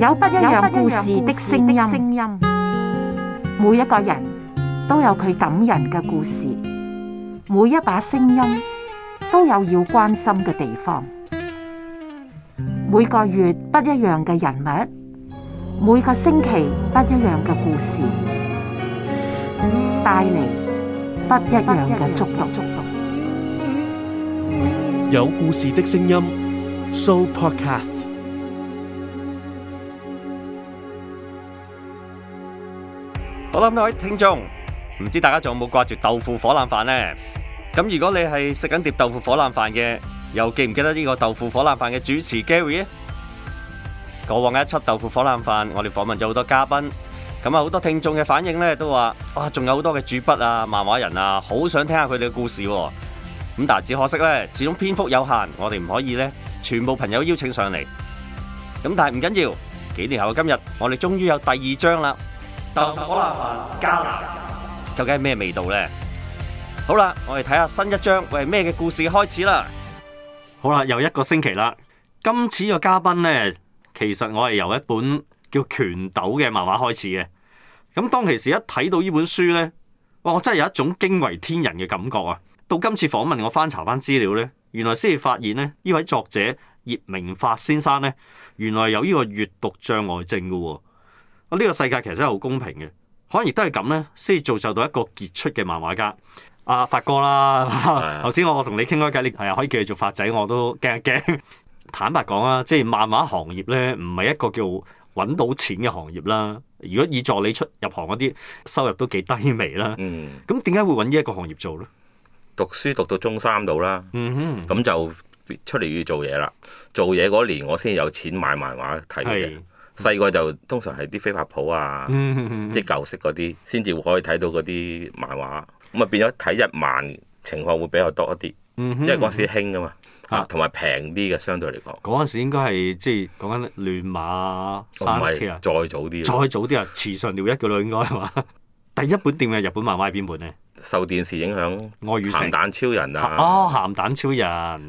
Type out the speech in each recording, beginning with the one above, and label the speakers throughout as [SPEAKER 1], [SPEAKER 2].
[SPEAKER 1] 有不一樣故事的聲音，每一個人都有佢感人嘅故事，每一把聲音都有要關心嘅地方。每個月不一樣嘅人物，每個星期不一樣嘅故事，帶嚟
[SPEAKER 2] 不一樣嘅觸動，觸動。
[SPEAKER 1] 有故事的聲音，So Podcast。好啦，各位聽眾，唔知大家仲有冇掛住豆腐火腩飯呢？咁如果你係食緊碟豆腐火腩飯嘅，又記唔記得呢個豆腐火腩飯嘅主持 Gary 咧？過往一輯豆腐火腩飯，我哋訪問咗好多嘉賓，咁啊，好多聽眾嘅反應呢，都話，啊，哇，仲有好多嘅主筆啊、漫畫人啊，好想聽下佢哋嘅故事啊。咁但係只可惜呢，始終篇幅有限，我哋唔可以呢，全部朋友邀請上嚟。咁但係唔緊要，幾年後嘅今日，我哋終於有第二章啦。豆好難聞，膠究竟係咩味道呢？好啦，我哋睇下新一章，會係，咩嘅故事開始啦？好啦，又一個星期啦。今次個嘉賓呢，其實我係由一本叫《拳鬥》嘅漫畫開始嘅。咁當其時一睇到呢本書呢，哇，我真係有一種驚為天人嘅感覺啊！到今次訪問，我翻查翻資料呢，原來先至發現呢，呢位作者葉明發先生呢，原來有呢個閱讀障礙症噶、啊。呢個世界其實真係好公平嘅，可能亦都係咁咧，先造就到一個傑出嘅漫畫家阿發、啊、哥啦。頭先、嗯、 我同你傾開偈，你係啊可以繼續做發仔，我都驚一驚。 坦白講啊，即係漫畫行業咧，唔係一個叫揾到錢嘅行業啦。如果以助理出入行嗰啲收入都幾低微啦。嗯，咁
[SPEAKER 2] 點解會揾呢一個行業做咧？讀書讀到中三度啦，嗯哼，咁就出嚟要做嘢啦。做嘢嗰年，我先有錢買漫畫睇嘅。細個就通常係啲飛髮舖啊，即係舊式嗰啲，先至可以睇到嗰啲漫畫。咁啊變咗睇日漫情況會比較多一啲，因為嗰陣時興噶嘛，啊同埋平啲嘅相對嚟講。嗰陣時應該係即係講緊亂馬、山崎啊，再
[SPEAKER 1] 早啲，再早啲啊，慈神鳥一噶啦，應該係嘛？第一本店嘅日本漫畫係邊本咧？
[SPEAKER 2] 受電視影響，鹹蛋超人啊，鹹蛋超人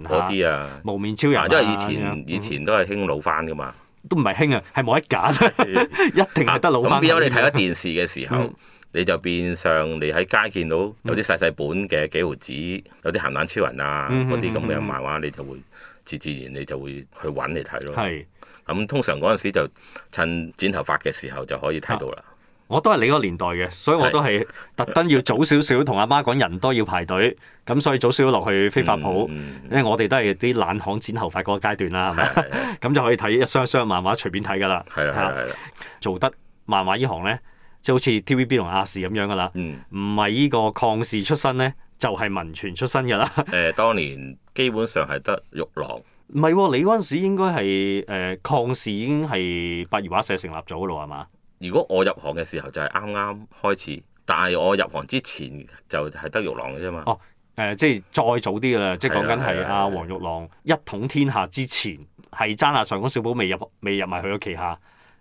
[SPEAKER 2] 嗰啲啊，無面超人，因為以前以前都係興老翻噶嘛。
[SPEAKER 1] 都唔係興啊，係冇得揀，一定係得老翻。咁點解你睇咗
[SPEAKER 2] 電視嘅時候，嗯、你就變相你喺街見到有啲細細本嘅幾毫紙，嗯、有啲鹹蛋超人啊嗰啲咁嘅漫畫，你就會自自然你就會去揾你睇咯。係咁的，通常嗰陣時就趁剪頭髮嘅時候就可以睇到啦。啊我都係你嗰個年代嘅，所以我都係特登要早少
[SPEAKER 1] 少同阿媽講人多要排隊，咁 所以早少少落去飛發鋪，嗯、因為我哋都係啲冷行剪頭髮嗰個階段啦，係咪？咁就可以睇一箱一箱漫畫隨便睇㗎啦。係啦，係做得漫畫行呢行咧，即係好似 TVB 同亞視咁樣㗎啦。唔係呢個抗事出身咧，就係、是、文傳出身㗎啦。誒、 呃，當年基本上係得玉郎。唔係喎，你嗰陣時應該係、呃呃、抗事已經係八月畫社成立
[SPEAKER 2] 咗㗎啦，係嘛？如果我入行嘅時候就係啱啱開始，但係我入行之前就係得玉郎嘅啫嘛。哦，誒、呃，即係再早啲嘅啦，即係講緊係阿黃玉郎
[SPEAKER 1] 一統天下之前係爭阿上官小寶，未入未入埋佢嘅旗下。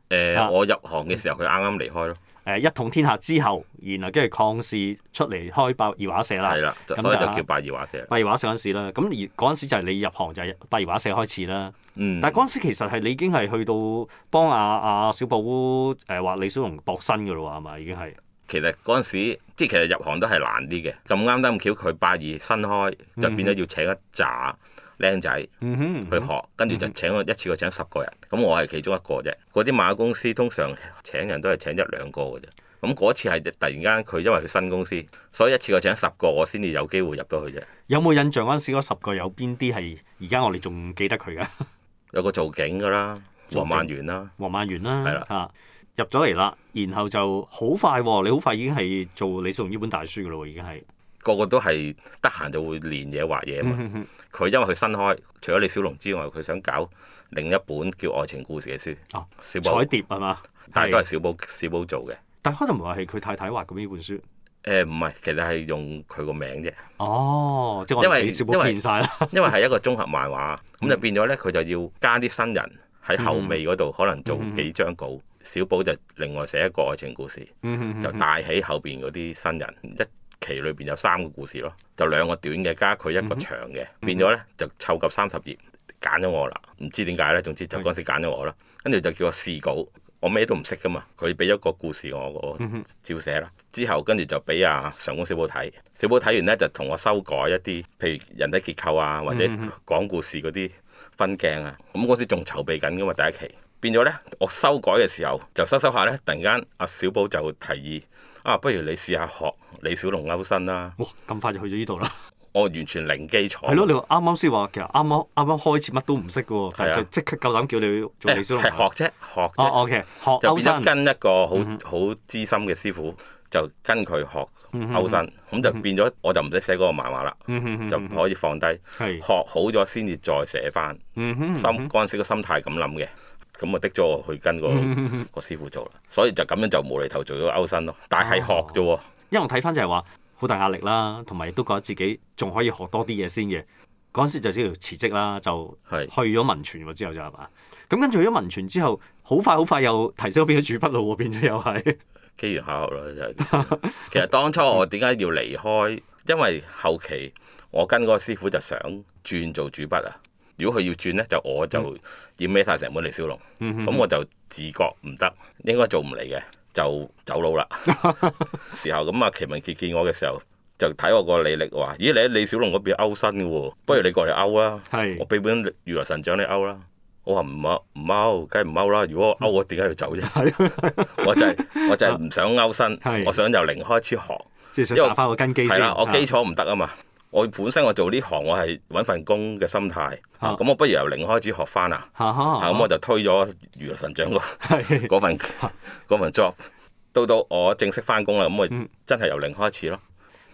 [SPEAKER 1] 誒、呃，啊、我入行嘅時候佢啱啱離開咯。嗯誒，一統天下之後，然後跟住創世出嚟開百二畫社啦，咁的就，就叫百二畫社。百二畫社嗰陣時啦，咁而嗰陣時就係你入行就係、係、百二畫社開始啦。嗯、但係嗰陣時其實係你已經係去到幫阿、啊、阿、啊、小寶
[SPEAKER 2] 誒畫、啊、李小龍搏身嘅咯喎，係咪已經係？其實嗰陣時，即係其實入行都係難啲嘅。咁啱得咁巧，佢百二新開，就變咗要請一紮僆仔去學，跟住、嗯嗯、就請、嗯、哼一次過請十個人。咁我係其中一個啫。嗰啲馬公司通常請人都係請一兩個嘅啫。咁嗰次係突然間佢因為佢新公司，所以一次過請十個，我先至有機會入到去啫。有冇印象嗰陣時嗰十個有邊啲係而家
[SPEAKER 1] 我哋仲記得佢啊？ 有個造景㗎啦，黃萬源啦，黃萬源啦，係啦。 入咗嚟啦，然後就好快你好快已經係做李小龍呢本大書嘅咯，已
[SPEAKER 2] 經係個個都係得閒就會練嘢畫嘢嘛。佢因為佢新開，除咗李小龍之外，佢想搞另一本叫愛情故事嘅書哦。彩蝶係嘛？但係都係小寶小寶做嘅。但係可能唔係話係佢太太畫咁呢本書誒？唔係，其實係用佢個名啫。哦，即係因為因為因為係一個綜合漫畫咁，就變咗咧，佢就要加啲新人喺後尾嗰度，可能做幾張稿。小寶就另外寫一個愛情故事，嗯哼嗯哼就帶起後邊嗰啲新人。一期裏邊有三個故事咯，就兩個短嘅加佢一個長嘅，嗯哼嗯哼變咗咧就湊夠三十頁，揀咗我啦。唔知點解咧，總之就嗰時揀咗我啦。跟住就叫我試稿，我咩都唔識噶嘛。佢俾一個故事我，我照寫啦。之後跟住就俾阿、啊、上官小寶睇，小寶睇完咧就同我修改一啲，譬如人體結構啊，或者講故事嗰啲分鏡啊。咁嗰、嗯嗯、時仲籌備緊噶嘛，第一期。變咗咧，我修改嘅時候就收收下咧，突然間阿小寶就提議啊，不如你試下學李小龍勾身啦、啊！哇，咁快就去咗呢度啦！我完全零基礎。係咯，你啱啱先話，其實啱啱啱
[SPEAKER 1] 啱開始乜都唔識嘅喎，就即刻夠膽叫你做李小龍？係、欸、學啫，學
[SPEAKER 2] 啫。O K，學勾身。哦、okay, 就變跟一個好好資深嘅師傅，就跟佢學勾身，咁、嗯、哼就變咗我就唔使寫嗰個漫畫啦，嗯、哼就可以放低。係的學好咗先至再寫翻。嗯哼心嗰陣時嘅心態咁諗嘅。咁啊的咗，我去跟個個師傅做啦，所以就咁樣就無厘頭做咗歐身咯。但係學啫喎、哦，因為我睇翻就係話好
[SPEAKER 1] 大壓力啦，同埋都覺得自己仲可以學多啲嘢先嘅。嗰陣時就知要辭職啦，就去咗文傳之後就係嘛。咁跟住去咗文傳之後，好快好快又提升變咗主筆咯，變咗又係
[SPEAKER 2] 機緣巧合咯，真係。其實當初我點解要離開？因為後期我跟嗰個師傅就想轉做主筆啊。如果佢要轉咧，就我就要孭晒成本李小龍，咁、嗯、我就自覺唔得，應該做唔嚟嘅，就走佬啦。 後時候咁啊，奇文傑見我嘅時候就睇我個履歷話，咦，你喺李小龍嗰邊勾身嘅喎，不如你過嚟勾啦是。我俾本《如來神掌》你勾啦。我話唔勾，唔勾，梗係唔勾啦。如果我勾我點解要走啫、 就是？我就係我就係唔想勾身， 是我想由零開始學，我跟因為打翻個根基先。係啦，我基礎唔得啊嘛。我本身我做呢行，我係揾份工嘅心態，咁我不如由零開始學翻啊，
[SPEAKER 1] 咁我就
[SPEAKER 2] 推咗娛樂神掌嗰嗰份嗰份 job，到到我正式翻工啦，咁我真係由零開始咯。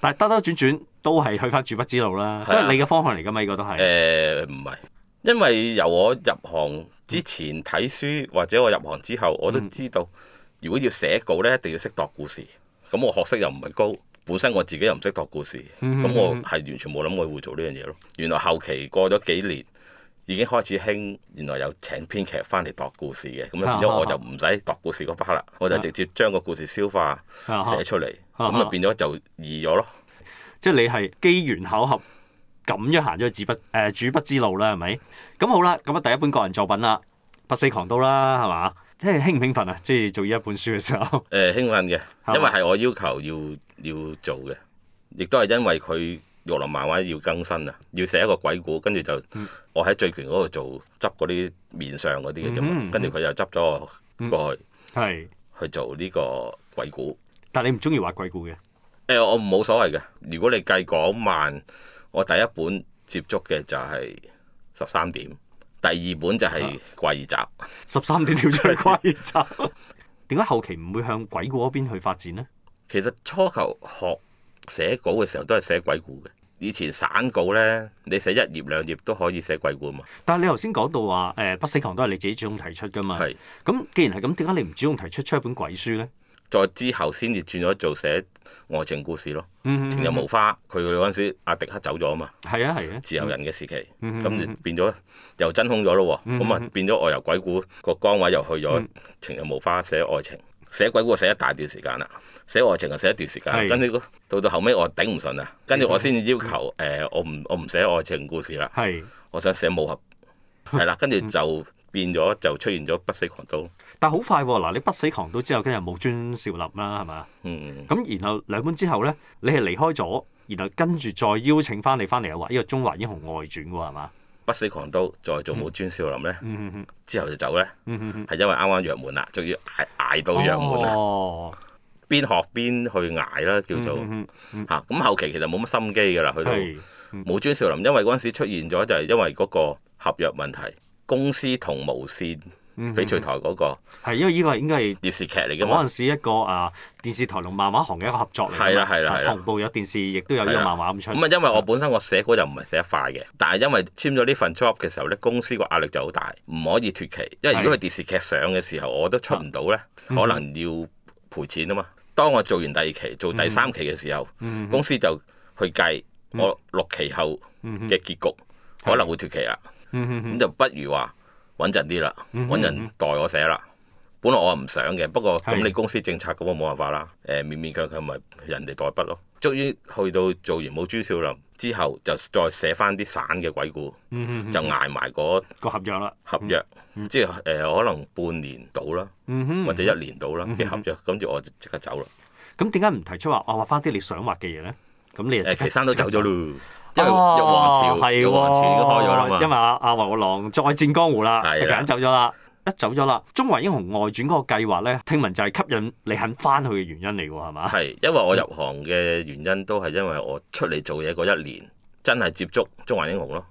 [SPEAKER 1] 但係兜兜轉轉都係去翻住筆之路
[SPEAKER 2] 啦，因為你嘅方向嚟噶嘛，呢個都係。誒唔係，因為由我入行之前睇書，或者我入行之後，我都知道，如果要寫稿呢，一定要識度故事，咁我學識又唔係高。本身我自己又唔識度故事，咁我係完全冇諗過我會做呢樣嘢咯。原來後期過咗幾年，已經開始興，原來有請編劇翻嚟度故事嘅，咁啊變咗我就唔使度故事嗰班啦，我就直接將個故事消化寫出嚟，咁啊變咗就易咗咯。
[SPEAKER 1] 即係你係機緣巧合咁樣行咗去自不誒、呃、主筆之路啦，係咪？咁好啦，咁啊第一本個人作品啦，《八四狂刀》啦，係嘛？即係興唔興奮啊？即係做呢一本書嘅時候，
[SPEAKER 2] 誒、欸、興奮嘅，因為係我要求要要做嘅，亦都係因為佢《玉林漫畫》要更新啊，要寫一個鬼故。跟住就我喺醉拳嗰度做執嗰啲面上嗰啲嘅啫嘛，跟住佢又執咗我過去，係、嗯、去做呢個鬼故。但係你唔中意畫鬼故嘅？誒、欸，我冇所謂嘅。如果你計港漫，我第一本接觸嘅就係十三點。第二本就係、是、鬼集，啊、十三點跳咗去鬼集，點解是的 後期唔會向鬼故嗰邊去發展呢？其實初頭學寫稿嘅時候都係寫鬼故嘅，以前散稿咧，你寫一頁兩頁都可以寫鬼故啊嘛。但係你頭先講到話，誒不死堂都係你自己主動提出噶嘛？咁是的 既然係咁，點解你唔主動
[SPEAKER 1] 提出出一本鬼書呢？
[SPEAKER 2] 再之後先至轉咗做寫愛情故事咯，mm
[SPEAKER 1] hmm. 情人無花，
[SPEAKER 2] 佢嗰陣時阿迪克走咗啊嘛，係啊係啊，啊自由人嘅時期，咁、mm hmm. 就變咗又真空咗咯喎，咁啊、mm hmm. 變咗我由鬼故個崗位又去咗、mm hmm. 情人無花，寫愛情，寫鬼故寫一大段時間啦，寫愛情就寫一段時間的跟，跟住到到後尾我頂唔順啦，跟住我先至要求誒、mm hmm. 呃、我唔我唔寫愛情故事啦，我想寫武俠，係啦，跟住就變咗 就，就出現咗不死狂刀。但係好快喎，嗱，你不
[SPEAKER 1] 死狂刀之後跟住冇尊少林啦，係嘛？咁、嗯、然後兩本之後咧，你係離開咗，然後跟住再邀請翻你翻嚟啊！話呢個《中華英雄外傳》喎，係嘛？不死狂
[SPEAKER 2] 刀再做冇尊少林咧，嗯嗯嗯嗯、之後就走咧，
[SPEAKER 3] 係、嗯
[SPEAKER 2] 嗯嗯、因為啱啱約滿啦，仲要捱捱到約滿啦，哦、邊學邊去捱啦，叫做嚇。咁、嗯嗯嗯啊、後期其實冇乜心機㗎啦，去到冇尊少林，因為嗰陣時出現咗就係因為嗰個合約問題，公司同無線。翡翠台嗰個係因為呢個係應該係
[SPEAKER 1] 電視劇嚟嘅，嗰陣時一個啊電視台同漫畫行嘅一個合作嚟㗎，同步有電視
[SPEAKER 2] 亦都有呢個漫畫咁出。咁啊，因為我本身我寫稿就唔係寫得快嘅，但係因為簽咗呢份 job 嘅時候咧，公司個壓力就好大，唔可以脫期。因為如果係電視劇上嘅時候，我都出唔到咧，可能要賠錢啊嘛。當我做完第二期、做第三期嘅時候，公司就去計我六期後嘅結局可能會脫期啦。
[SPEAKER 3] 咁
[SPEAKER 2] 就不如話。穩陣啲啦，揾人代我寫啦。本來我唔想嘅，不過咁你公司政策咁，我冇辦法啦。誒勉是勉強強咪人哋代筆咯。終於去到做完《冇珠少林》之後，就再寫翻啲散嘅鬼故，嗯
[SPEAKER 3] 嗯嗯就挨
[SPEAKER 2] 埋嗰個合約啦。合約即係誒可能半年到啦，或者一年到啦嘅合約，咁、嗯嗯嗯、就我即刻走啦。咁點解唔提出話我畫翻啲你想畫嘅嘢咧？
[SPEAKER 1] 咁你、呃、其實生都走咗咯。因為玉皇朝，係喎、哦，玉皇朝開咗嘛，因為阿黃玉郎再戰江湖啦，突然走咗啦，一走咗啦，《中華英雄外傳》嗰個計劃咧，
[SPEAKER 2] 聽聞就係吸引你肯返去嘅原因嚟喎，係嘛？係因為我入行嘅原因都係因為我出嚟做嘢嗰一年，真係接觸《中華英雄》咯。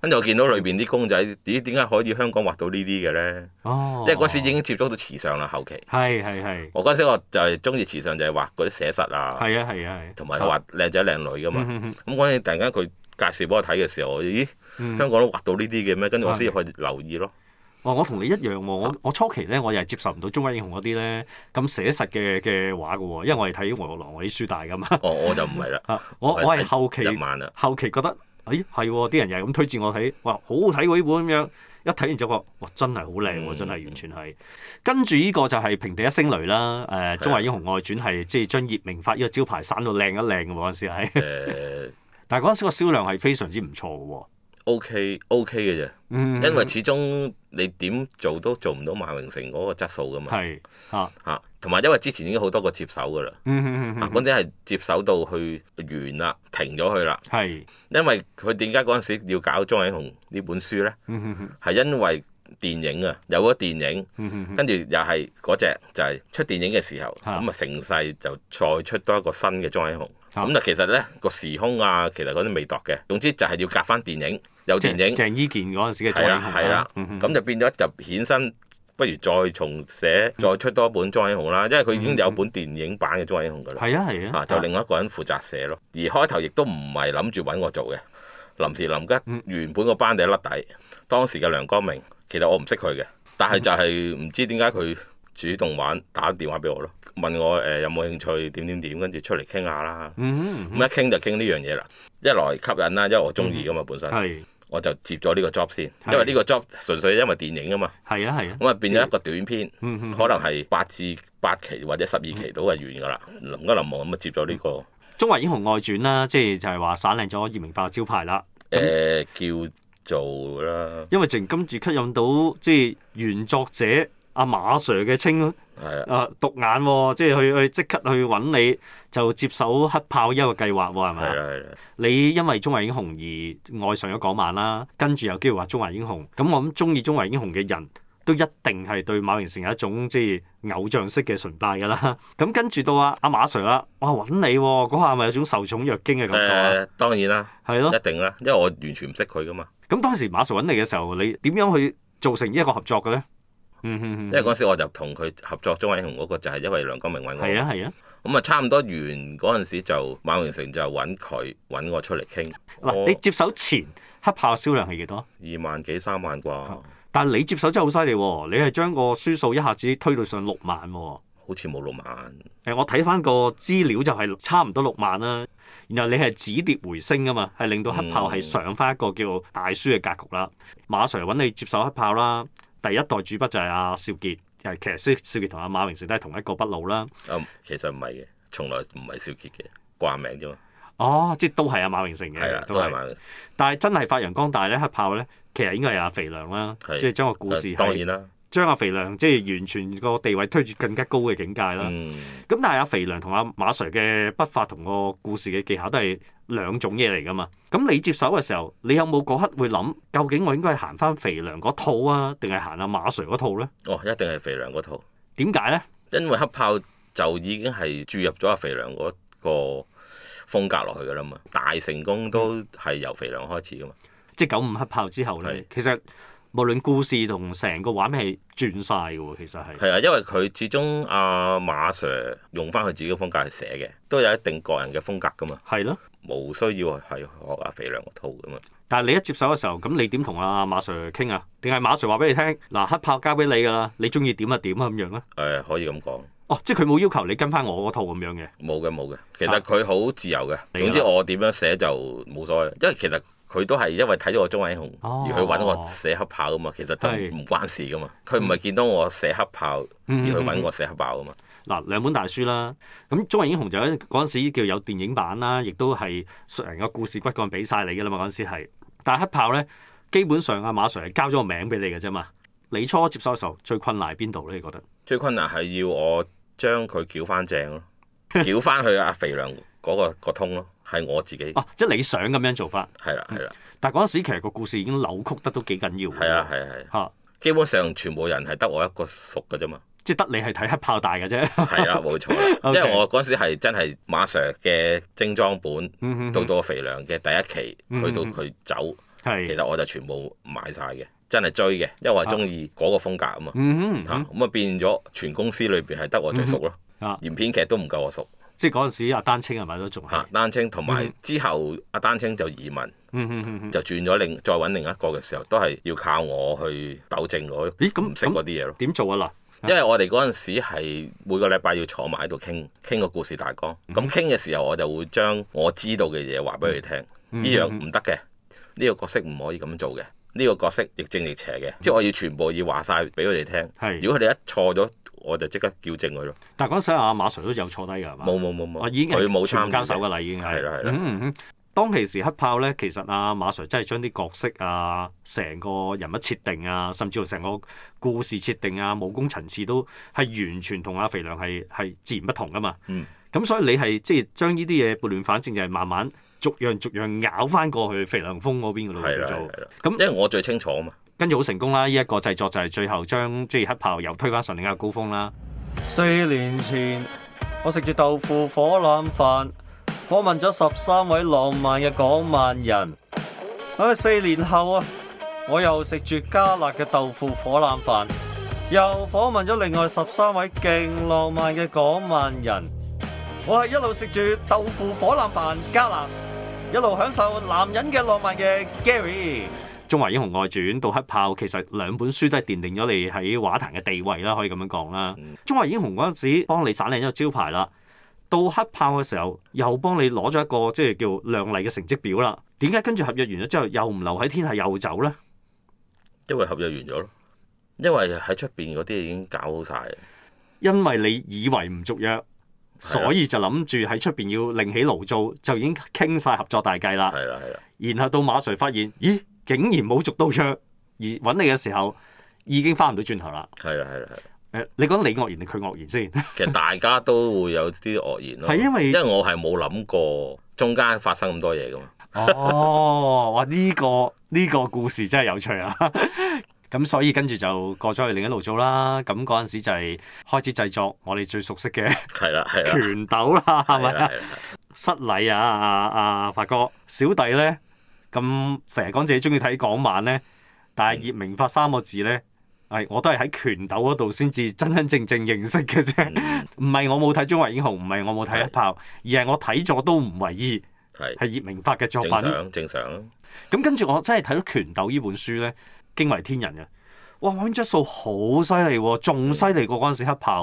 [SPEAKER 2] 跟住我見到裏邊啲公仔，咦？點解可以香港畫到呢啲嘅咧？哦，
[SPEAKER 3] 因為嗰
[SPEAKER 2] 時已經接觸到時尚啦，後期。係係係。我嗰時我就係鍾意時尚，就係畫嗰啲寫實啊。係有啊係啊，同埋畫靚仔靚女噶嘛。咁嗰、嗯嗯、突然間佢介紹俾我睇嘅時候，我咦？香港都畫到呢啲嘅咩？跟住我先入去留意咯。哦，我同你一樣喎、哦。我我初期咧，我又係接受唔到《中華英雄》呢嗰啲
[SPEAKER 1] 咧咁寫實嘅嘅畫噶喎，因為我係睇黃玉郎嗰啲書大噶嘛。哦，我就唔係啦。我我係後期，後期覺得。哎，係啲人又係咁推薦我睇，哇，好好睇喎呢本咁樣，一睇完就覺得，哇，真係好靚喎，真係完全係。跟住依個就係、是、平地一聲雷啦，誒，《呃、中華英雄外傳》係即係將葉明發呢個招牌散到靚一靚㗎喎，嗰陣時係，
[SPEAKER 2] 但係嗰陣時個銷量係非常之唔錯㗎喎。O K O K 嘅啫，因為始終你點做都做唔到馬榮成嗰個質素噶嘛。係嚇，同埋因為之前已經好多個接手噶啦。嗯嗯，嗰啲係接手到去完啦，停咗佢啦。係，因為佢點解嗰陣時要搞《中華英雄》呢本書咧？係因為電影啊，有咗電影，跟住又係嗰隻就係出電影嘅時候，咁啊成世就再出多一個新嘅中華英雄。咁就、嗯、其實咧個時空啊，其實嗰啲未度嘅，總之就係要夾翻電影，有電影。鄭伊健嗰陣時嘅作品。係啦，咁就變咗就衍生，不如再重寫，再出多一本《裝英雄》啦，因為佢已經有本電影版嘅《裝英雄》噶啦。係、嗯、哼啊，係啊。嚇，就另外一個人負責寫咯。啊、而開頭亦都唔係諗住揾我做嘅，臨時臨吉，原本個班底一甩底。嗯、當時嘅梁光明，其實我唔識佢嘅，但係就係唔知點解佢。主動玩打電話俾我咯，問我誒有冇興趣點點點，跟住出嚟傾下啦。咁一傾就傾呢樣嘢啦，一來吸引啦，因為我中意噶嘛，本身，我就接咗呢個 job 先，因為呢個 job 純粹因為電影啊嘛。係啊係啊。咁啊變咗一個短片，可能係八至八期或者十二期都係完噶啦。臨急臨忙咁啊接咗呢個
[SPEAKER 1] 《中華英雄外傳》啦，即係就係話散領咗葉明發嘅招牌啦。誒叫做啦，因為淨今住吸引到即係原作者。阿馬 sir 嘅稱，啊獨眼，的即係去去即刻去揾你，就接手黑豹一個計劃喎，係咪啊？係啦係啦。你因為中《中華英雄》而愛上咗港漫啦，跟住有機會話《中華英雄》，咁我諗中意《中華英雄》嘅人都一定係對馬榮成有一種即係偶像式嘅崇拜㗎啦。咁 跟住到阿阿馬 sir 啦，哇揾你嗰下咪有種受寵若
[SPEAKER 2] 驚嘅感覺啊！當然啦，係咯的，一定啦，因為我完全唔識佢噶嘛。咁當時馬 sir 揾你嘅時候，你點樣去做成一個合作嘅咧？嗯哼，哼因為嗰時我就同佢合作《中華英雄》嗰個就係因為梁光明揾我，係啊係啊。咁啊，差唔多完嗰陣時就馬榮成就揾佢揾我出嚟傾。嗱， 你接手前黑豹銷量係幾多，多？二萬幾
[SPEAKER 1] 三萬啩，嗯？但係你接手真係好犀利喎！你係將個書數一下子推到上六萬喎。
[SPEAKER 2] 好似冇六萬。
[SPEAKER 1] 誒，我睇翻個資料就係差唔多六萬啦。然後你係止跌回升啊嘛，係令到黑豹係上翻一個叫大書嘅格局啦。嗯、馬 sir 揾你接手黑豹啦。第一代主筆就係阿、啊、少傑，誒，其實少少傑同阿、啊、馬榮成都係同一個筆路啦。其實唔係嘅，從來唔係少傑嘅掛名啫嘛。哦，即係都係阿、啊、馬榮成嘅，的都係是馬榮成嘅。但係真係發揚光大咧黑豹咧，其實應該係阿、啊、肥良啦，即係將個故事、呃。當然啦。將阿肥良即係完全個地位推住更加高嘅境界啦。咁、嗯、但係阿肥良同阿馬 Sir 嘅筆法同個故事嘅技巧都係兩種嘢嚟噶嘛。咁你接手嘅時候，你有冇嗰刻會諗，究竟我應該係行
[SPEAKER 2] 翻肥良嗰套啊，定係行阿馬 Sir 嗰套咧？哦，一定係肥良嗰套。點解咧？因為黑炮就已經係注入咗阿肥良嗰個風格落去噶啦嘛。大成功都係由肥良開始噶嘛。嗯、即係九五黑炮之後咧，的其實。無論故事同成個畫面係轉晒噶喎，其實係係啊，因為佢始終阿、啊、馬 sir 用翻佢自己嘅風格去寫嘅，都有一定個人嘅風格噶嘛。係咯的，冇需要係學阿肥良個套噶嘛。
[SPEAKER 1] 但係你一接手嘅時候，咁你點同阿馬 sir 傾啊？定係馬 sir 話俾你聽，嗱、啊，黑炮交俾你噶啦，你中意點就點啊，咁樣咧。誒，可以咁講。哦，即係佢冇要求你跟翻我個套咁樣嘅。冇嘅，冇
[SPEAKER 2] 嘅。其實佢好自由嘅，啊、總之我點樣寫就冇所謂，因為其實。佢都係因為睇咗我《中華英雄》而去揾我寫黑豹噶嘛，啊、其實真係唔關事噶嘛。佢唔係見到我寫黑豹，而去揾我寫黑
[SPEAKER 1] 豹噶嘛。嗱、嗯嗯嗯嗯，兩本大書啦，咁《中華英雄》就喺嗰時叫有電影版啦，亦都係成個個故事骨幹俾晒你噶啦嘛。嗰陣時係，但係黑豹咧，基本上阿馬 sir
[SPEAKER 2] 係交咗個名俾你嘅啫嘛。你初接收嘅時候最困難喺邊度咧？你覺得？最困難係要我將佢攪翻正咯，攪翻去阿肥良嗰，那個、那個那個通咯。係
[SPEAKER 1] 我自己哦，即係你想咁樣做法。係啦，係啦。但係嗰陣時其實個故事已經扭曲得都幾緊
[SPEAKER 2] 要。係啊，係啊，係。嚇！基本上全部人係得我一個熟嘅啫嘛。即係得你係睇黑炮大嘅啫。係啦，冇錯。因為我嗰陣時係真係馬 Sir 嘅精裝本到到肥娘嘅第一期去到佢走，其實我就全部買晒嘅，真係追嘅，因為我中意嗰個風格啊嘛。咁啊變咗全公司裏邊係得我最熟咯。啊！連編劇都唔夠我熟。即係嗰陣時，阿丹青係咪都仲係？丹青同埋之後，阿丹青就移民，嗯、哼哼
[SPEAKER 3] 哼
[SPEAKER 2] 就轉咗另再揾另一個嘅時候，都係要靠我去糾正我咦。咦？咁唔識嗰啲嘢咯？點做啊？嗱，因為我哋嗰陣時係每個禮拜要坐埋喺度傾傾個故事大綱。咁傾嘅時候，我就會將我知道嘅嘢話俾佢聽。呢、嗯、樣唔得嘅，呢、呢個角色唔可以咁做嘅。呢、呢個角色亦正亦邪嘅，嗯、哼即係我要全部要話晒俾佢哋聽。是如果佢哋一錯咗，我就即刻矯正佢咯。但嗰陣時阿馬 sir 都有坐低㗎，係嘛？冇冇冇冇，佢冇參攜手㗎啦，已經係。係啦係啦。嗯嗯，
[SPEAKER 1] 當其時黑豹咧，其實阿馬 sir 真係將啲角色啊，成個人物設定啊，甚至乎成個故事設定啊，武功層次都係完全同阿肥良係係截然不同㗎嘛。咁、嗯、所以你係即係將呢啲嘢撥亂反正，就係慢慢逐樣逐樣咬翻過去肥良峯嗰邊嘅路嚟做。咁因為我最清楚啊嘛。跟住好成功啦！呢、這、一個製作就係最後將即係黑豹又推翻上另一個高峰啦。四年前我食住豆腐火腩飯，訪問咗十三位浪漫嘅港漫人。喺，四年後啊，我又食住加辣嘅豆腐火腩飯，又訪問咗另外十三位勁浪漫嘅港漫人。我係一路食住豆腐火腩飯加辣，一路享受男人嘅浪漫嘅 Gary。《中華英雄外傳》到黑豹，其實兩本書都奠定咗你喺畫壇嘅地位啦，可以咁樣講啦。嗯，《中華英雄》嗰陣時幫你攬靚一個招牌啦，到黑豹嘅時候又幫你攞咗一個即係叫亮麗嘅成績表啦。點解跟住合約完咗之後又唔留喺天下又走咧？因為合約完咗咯，因為喺出邊嗰啲已經搞好晒，因為你以為唔續約，
[SPEAKER 2] 所以
[SPEAKER 1] 就諗住喺出邊要另起爐灶，就已經傾晒合作大計啦。係啦係啦，然後到馬 sir 發現，咦？竟然冇逐到著，而揾你嘅時候已經翻唔到轉頭啦。係啦，係 啦，係。誒，你覺得你愕然定佢愕然先？
[SPEAKER 2] 其實大家都會有啲愕然咯。係因為因為我係冇諗過中間發生咁多嘢噶嘛。 哦，
[SPEAKER 1] 哇！呢個呢個故事真係有趣啊。咁 所以跟住就過咗去另一路做啦、啊。咁嗰陣時就係開始製作我哋最熟悉嘅，
[SPEAKER 2] 係啦，係啦，拳
[SPEAKER 1] 鬥啦，係咪啊？失禮啊啊！發哥小弟咧。 啊啊啊啊啊啊啊啊咁成日講自己中意睇港漫咧，但係葉明發三個字咧，係、嗯哎、我都係喺拳鬥嗰度先至真真正正認識嘅啫。唔係、嗯、我冇睇《中華英雄》，唔係我冇睇《黑豹》，是而係我睇咗都唔為意，係葉明發嘅作品正常正常。咁跟住我真係睇到《拳鬥》呢本書咧，驚為天人呀。哇，韋恩質素好犀利喎，仲犀利過嗰時《黑豹》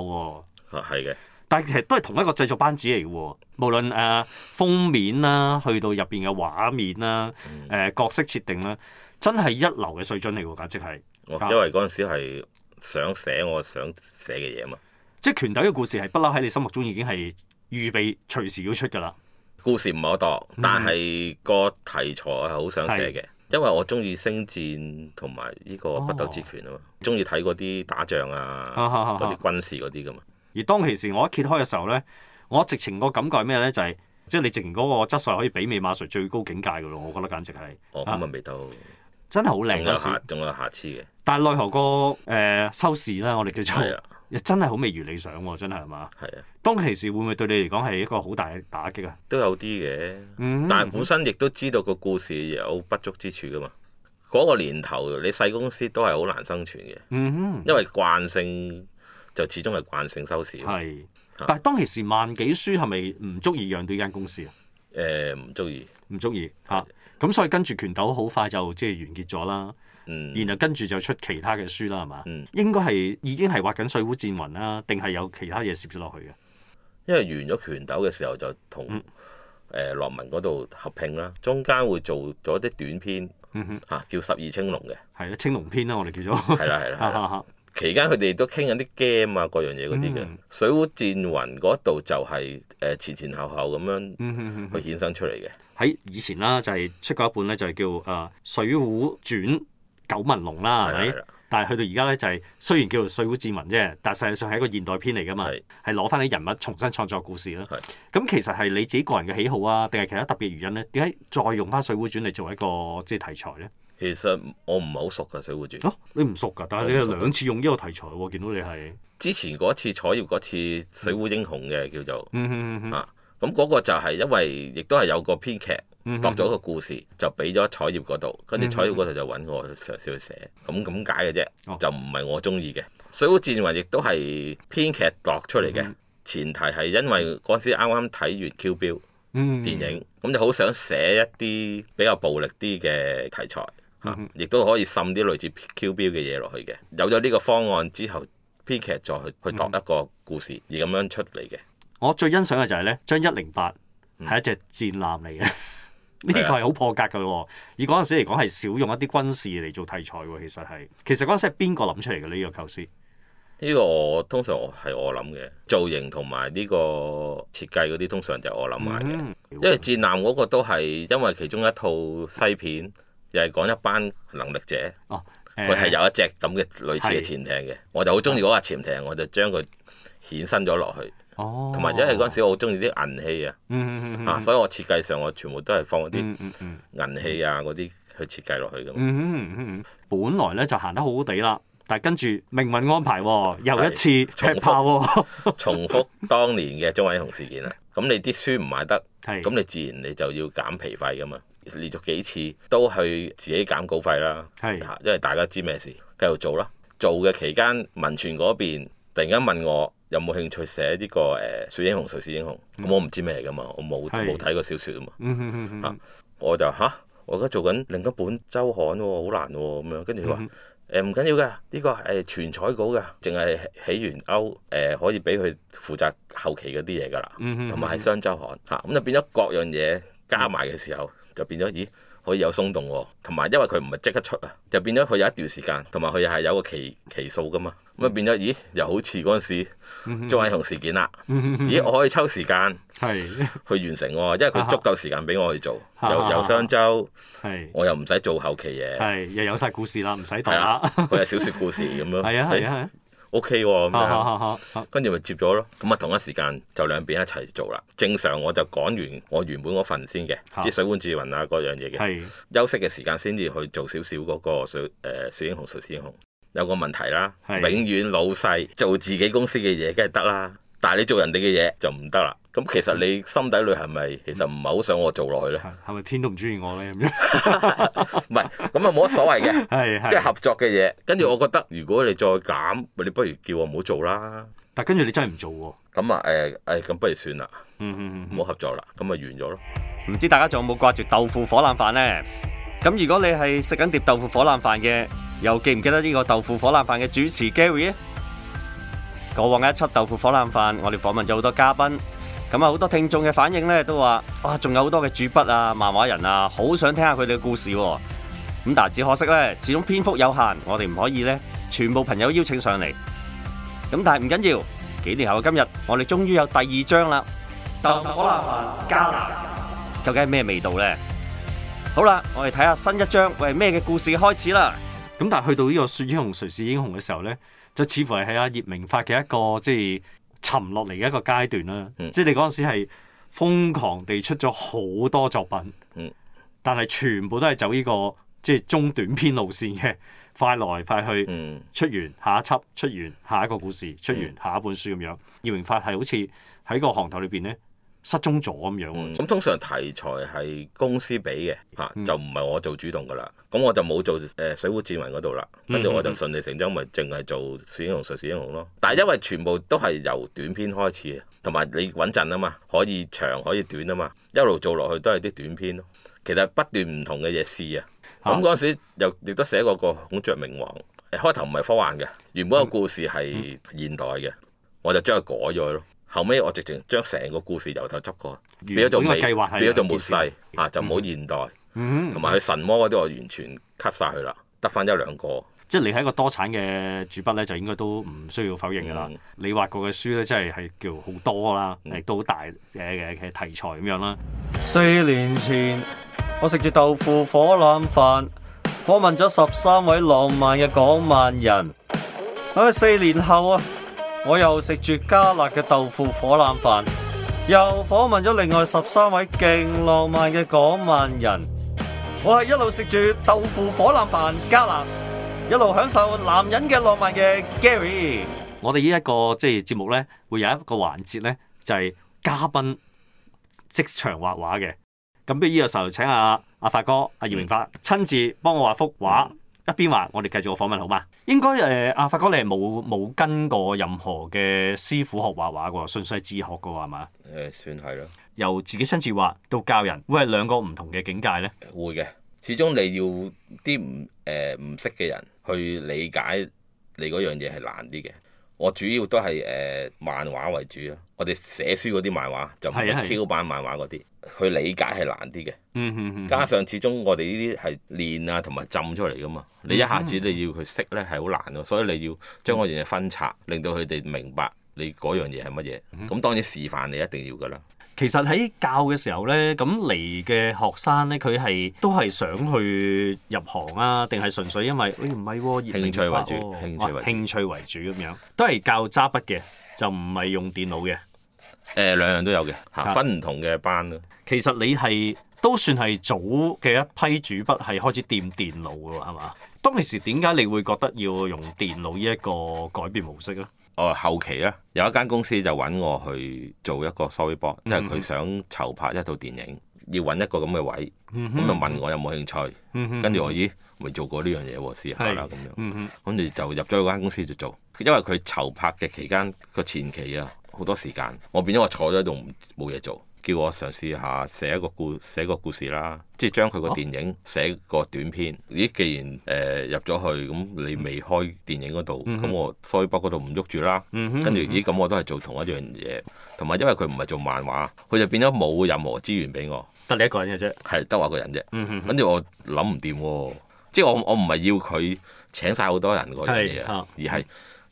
[SPEAKER 1] 喎。係嘅。但係其實都係同一個製作班子嚟嘅喎，無論封面啦，去到入邊嘅畫面啦，誒角色設定啦，真係一流嘅水準嚟喎，
[SPEAKER 2] 簡直係。因為嗰陣時係想寫我想寫嘅嘢啊嘛，即係拳頭嘅故事係不嬲喺你心目中已經係預備隨時要出嘅啦。故事唔可度，但係個題材係好想寫嘅，因為我鍾意星戰同埋呢個北斗之拳啊嘛，鍾意睇嗰啲打仗啊，嗰啲軍事嗰啲嘅嘛。
[SPEAKER 1] 而當其時我一揭開嘅時候咧，我直情個感覺係咩咧？就係、是、即係你直情嗰個質素可以媲美馬術最高境界㗎咯，我覺得簡直係哦咁啊未到，啊、真係好靚。仲有下，仲有瑕疵嘅。但係奈何個誒、呃、收視咧，我哋叫做又、啊、真係好未如理想喎、啊，
[SPEAKER 2] 真係係嘛？係啊。當其時會唔會對你嚟講係一個好大嘅打擊啊？都有啲嘅，嗯、但係本身亦都知道個故事有不足之處㗎嘛。嗰、那個年頭你細公司都係好難生存嘅，嗯、哼因為慣性。就始終係慣性收視。係，但係當其時萬幾書係咪唔足以讓到一間公司、呃、啊？誒，唔
[SPEAKER 1] 足以。唔足以嚇，咁所以跟住拳鬥好快就即係完結咗啦。嗯。然後跟住就出其他嘅書啦，係嘛？嗯。應該係已經係畫緊《水滸戰雲》啦，定係有其他
[SPEAKER 2] 嘢攝咗落去嘅？因為完咗拳鬥嘅時候就同誒羅文嗰度合併啦，中間會做咗啲短篇嚇、啊，叫《十二青龍》嘅、嗯。係青龍篇啦、啊，我哋叫做。係啦，係啦。期間佢哋都傾緊啲 game 啊，各樣嘢嗰啲嘅《嗯、水滸戰魂嗰度就係、是、誒、呃、前前後後咁樣去衍生出嚟嘅。喺以前啦，就係、是、出過一本咧，就係、是、叫誒、呃《水滸傳九紋龍》
[SPEAKER 1] 啦，係咪？但係去到而家咧，就係、是、雖然叫做《水滸戰魂》啫，但係實際上係一個現代片嚟噶嘛，係攞翻啲人物重新創作故事啦。咁是其實係你自己個人嘅喜好啊，定係其他特別原因咧？點解再用翻《水滸傳》嚟做一個即係題材咧？其實我唔係好熟嘅《水滸傳》。
[SPEAKER 2] 嚇，你唔熟㗎？但係你有兩次用呢個題材喎，見到你係之前嗰次彩葉嗰次《水滸英雄》嘅叫做，嚇，咁嗰個就係因為亦都係有個編劇度咗個故事，就俾咗彩葉嗰度，跟住彩葉嗰度就揾我嘗試去寫。咁咁解嘅啫，就唔係我中意嘅《水滸戰雲》，亦都係編劇度出嚟嘅。前提係因為嗰時啱啱睇完《Q 標》
[SPEAKER 3] 電影，
[SPEAKER 2] 咁就好想寫一啲比較暴力啲嘅題材。亦都、嗯、可以滲啲類似 Q 標嘅嘢落去嘅，有咗呢個方案之後，編劇再去去度一個故事、嗯、哼而咁樣出嚟嘅。我最欣賞嘅就係、是、咧，將、嗯、哼一零八係一隻戰艦嚟
[SPEAKER 1] 嘅，呢 個係好破格嘅喎、哦。以嗰陣時嚟講，係少用一啲軍事嚟做題材喎。其實係，其實嗰陣時係邊個
[SPEAKER 2] 諗出嚟嘅呢、這個構思？呢個我通常係我諗嘅造型同埋呢個設計嗰啲，通常就係我諗埋嘅。嗯、哼因為戰艦嗰個都係因為其中一套西片。嗯又係講一班能力者，
[SPEAKER 3] 佢係、哦呃、有一
[SPEAKER 2] 隻咁嘅類似嘅潛艇嘅，是我就好中意嗰個潛艇，哦、我就將佢衍生咗落去，
[SPEAKER 1] 同埋、哦、因為嗰
[SPEAKER 2] 陣時我好中意啲銀器、嗯嗯嗯、
[SPEAKER 1] 啊，嚇，所
[SPEAKER 2] 以我設計上我全部都係放嗰啲銀器啊嗰啲去設計落去咁、嗯。嗯，嗯，嗯，
[SPEAKER 1] 嗯，嗯，嗯，嗯，本來
[SPEAKER 2] 咧就行得好好地啦，但係跟住命運安排、啊，又一次重複，重複當年嘅鍾偉雄事件啊。咁、 啊、你啲書唔買得，咁你自然你就要減皮費噶嘛。連續幾次都去自己減稿費啦，係是，因為大家知咩事，繼續做啦。做嘅期間，文傳嗰邊突然間問我有冇興趣寫呢、這個誒《水、呃、英雄》《水戰英雄》嗯，咁、嗯嗯、我唔知咩嚟噶嘛，我冇冇睇過小説啊嘛，嚇、啊，我就嚇、啊，我而家做緊另一本《周刊喎、哦，好難喎、哦、咁樣，跟住佢話誒唔緊要嘅，呢個係全彩稿嘅，淨係起完歐誒、呃、可以俾佢負責後期嗰啲嘢㗎啦，同埋係雙周刊，嚇、啊，咁、啊啊、就變咗各樣嘢加埋嘅時候。啊啊啊就變咗，咦？可以有鬆動喎、哦，同埋因為佢唔係即刻出啊，就變咗佢有一段時間，同埋佢又係有個期期數噶嘛，咁啊、嗯、變咗，咦？又好似嗰陣時鐘偉雄事件啦，嗯、哼咦？我可以抽時間去完成喎、哦，因為佢足夠時間俾我去做，啊、哈由由雙週，啊、哈我又唔使做後期嘢，又有晒故事啦，唔使睇啦，佢 係小説故事咁樣，係 啊 O K 喎，咁樣，跟住咪接咗咯。咁啊同一時間就兩邊一齊做啦。正常我就講完我原本嗰份先嘅，即係好水管自運啊嗰樣嘢嘅。是休息嘅時間先至去做少少嗰個水誒水、呃、英雄、水師英雄。有個問題啦，是永遠老細做自己公司嘅嘢梗係得啦，但係你做人哋嘅嘢就唔得啦。咁其實你心底裏係咪其實唔係好想我做落去咧？係咪天都唔中意我咧咁樣？唔係，咁啊冇乜所謂嘅，即係合作嘅嘢。跟住我覺得，如果你再減，你不如叫我唔好做啦。但跟住你真係唔做喎。咁啊誒誒，咁不如算啦，唔好合作啦，咁咪完咗咯。唔知大家
[SPEAKER 1] 仲有冇掛住豆腐火腩飯咧？咁如果你係食緊碟豆腐火腩飯嘅，又記唔記得呢個豆腐火腩飯嘅主持 Gary 咧？過往一輯豆腐火腩飯，我哋訪問咗好多嘉賓。咁啊，好多聽眾嘅反應咧，都話，哇，仲有好多嘅主筆啊、漫畫人啊，好想聽下佢哋嘅故事啊。咁但係只可惜咧，始終篇幅有限，我哋唔可以咧，全部朋友邀請上嚟。咁但係唔緊要，幾年後嘅今日，我哋終於有第二章啦。就我啦，加拿究竟係咩味道咧？好啦，我哋睇下新一章，喂，係咩嘅故事開始啦？咁但係去到呢個說英雄、誰是英雄嘅時候咧，就似乎係喺阿葉明發嘅一個即係。沉落嚟嘅一個階段啦，即係你嗰陣時係瘋狂地出咗好多作品，但係全部都係走呢個即係中短篇路線嘅，快來快去，出完下一輯，出完下一個故事，出完下一本書咁樣。葉
[SPEAKER 2] 明發係好似喺個行頭裏邊咧。失蹤咗咁樣咯。咁通常題材係公司俾嘅，嚇就唔係我做主動噶啦。咁我就冇做誒《水滸志文》嗰度啦，跟住我就順理成章咪淨係做《小英雄》、《小英雄》咯。但係因為全部都係由短篇開始，同埋你穩陣啊嘛，可以長可以短啊嘛，一路做落去都係啲短篇咯。其實不斷唔同嘅嘢試啊。咁嗰陣時又亦都寫過個《孔雀明王》，開頭唔係科幻嘅，原本個故事係現代嘅，我就將佢改咗去咯。後尾我直情將成個故事由頭執過，變咗做尾，變咗做末世啊，就冇現代，同埋佢神魔嗰啲我完全 cut 晒佢啦，得翻一兩個。即係你係一個多產嘅主筆咧，就應該都唔需要否認㗎啦。嗯、你畫過嘅書咧，真係
[SPEAKER 1] 係叫好多啦，亦、嗯、都好大嘅嘅嘅題材咁樣啦。四年前我食住豆腐火腩飯，訪問咗十三位浪漫嘅港漫人。啊，四年後啊！我又食住加辣嘅豆腐火腩飯，又訪問咗另外十三位勁浪漫嘅港漫人。我係一路食住豆腐火腩飯加辣，一路享受男人嘅浪漫嘅 Gary。我哋呢一個即係節目咧，會有一個環節咧，就係、是、嘉賓即場畫畫嘅。咁，不如呢個時候請阿阿發哥、阿葉明發親自幫我畫幅畫。一邊話，我哋繼續個訪問好嗎？應該，誒，阿發哥你係冇冇跟過任何嘅師傅學畫畫㗎喎，純粹自學㗎喎，係嘛？誒，算係咯。由自己親自畫到教人，會係兩個
[SPEAKER 2] 唔同嘅境界咧。會嘅，始終你要啲唔、誒唔識嘅人去理解你嗰樣嘢係難啲嘅。我主要都係誒、呃、漫畫為主咯，我哋寫書嗰啲漫畫的就唔係 Q 版漫畫嗰啲，佢的理解係難啲嘅。嗯嗯嗯、加上始終我哋呢啲係練啊同埋浸出嚟噶嘛，嗯、你一下子你要去識咧係好難咯，所以你要將嗰樣嘢分拆，令到佢哋明白你嗰樣嘢係乜嘢。咁當然示範你一定要噶啦。
[SPEAKER 1] 其實喺教嘅時候咧，咁嚟嘅學生咧，佢係都係想去入行啊，定係純粹因為？誒唔係喎，興趣為主，興趣為興趣為主咁樣，都係教揸筆嘅，就唔係用電腦嘅。誒、呃、兩樣都有嘅嚇，啊、分唔同嘅班咯。其實你係都算係早嘅一批主筆，係開始掂電腦嘅喎，係嘛？當其時點解你會
[SPEAKER 2] 覺得要用電腦呢一個改變模式咧？哦、呃，後期咧，有一間公司就揾我去做一個 storyboard，即係佢想籌拍一套電影，要揾一個咁嘅位，咁、mm hmm. 就問我有冇興趣，mm hmm. 跟住我咦，未做過呢樣嘢喎，試下啦咁、mm hmm. 樣，跟住、mm hmm. 就入咗去嗰間公司就做，因為佢籌拍嘅期間個前期啊好多時間，我變咗我坐咗喺度冇嘢做。叫我嘗試下寫一個故寫個故事啦，即係將佢個電影寫個短片。咦、哦，既然誒、呃、入咗去，咁你未開電影嗰度，咁、嗯、哼我腮骨嗰度唔喐住啦。跟住、嗯、哼咦，咁我都係做同一樣嘢，同埋因為佢唔係做漫畫，佢就變咗冇任何資源俾我，得你一個人嘅啫，係得我一個人啫。跟住、嗯、哼我諗唔掂喎，即係我我唔係要佢請晒好多人嗰樣嘢，是而係。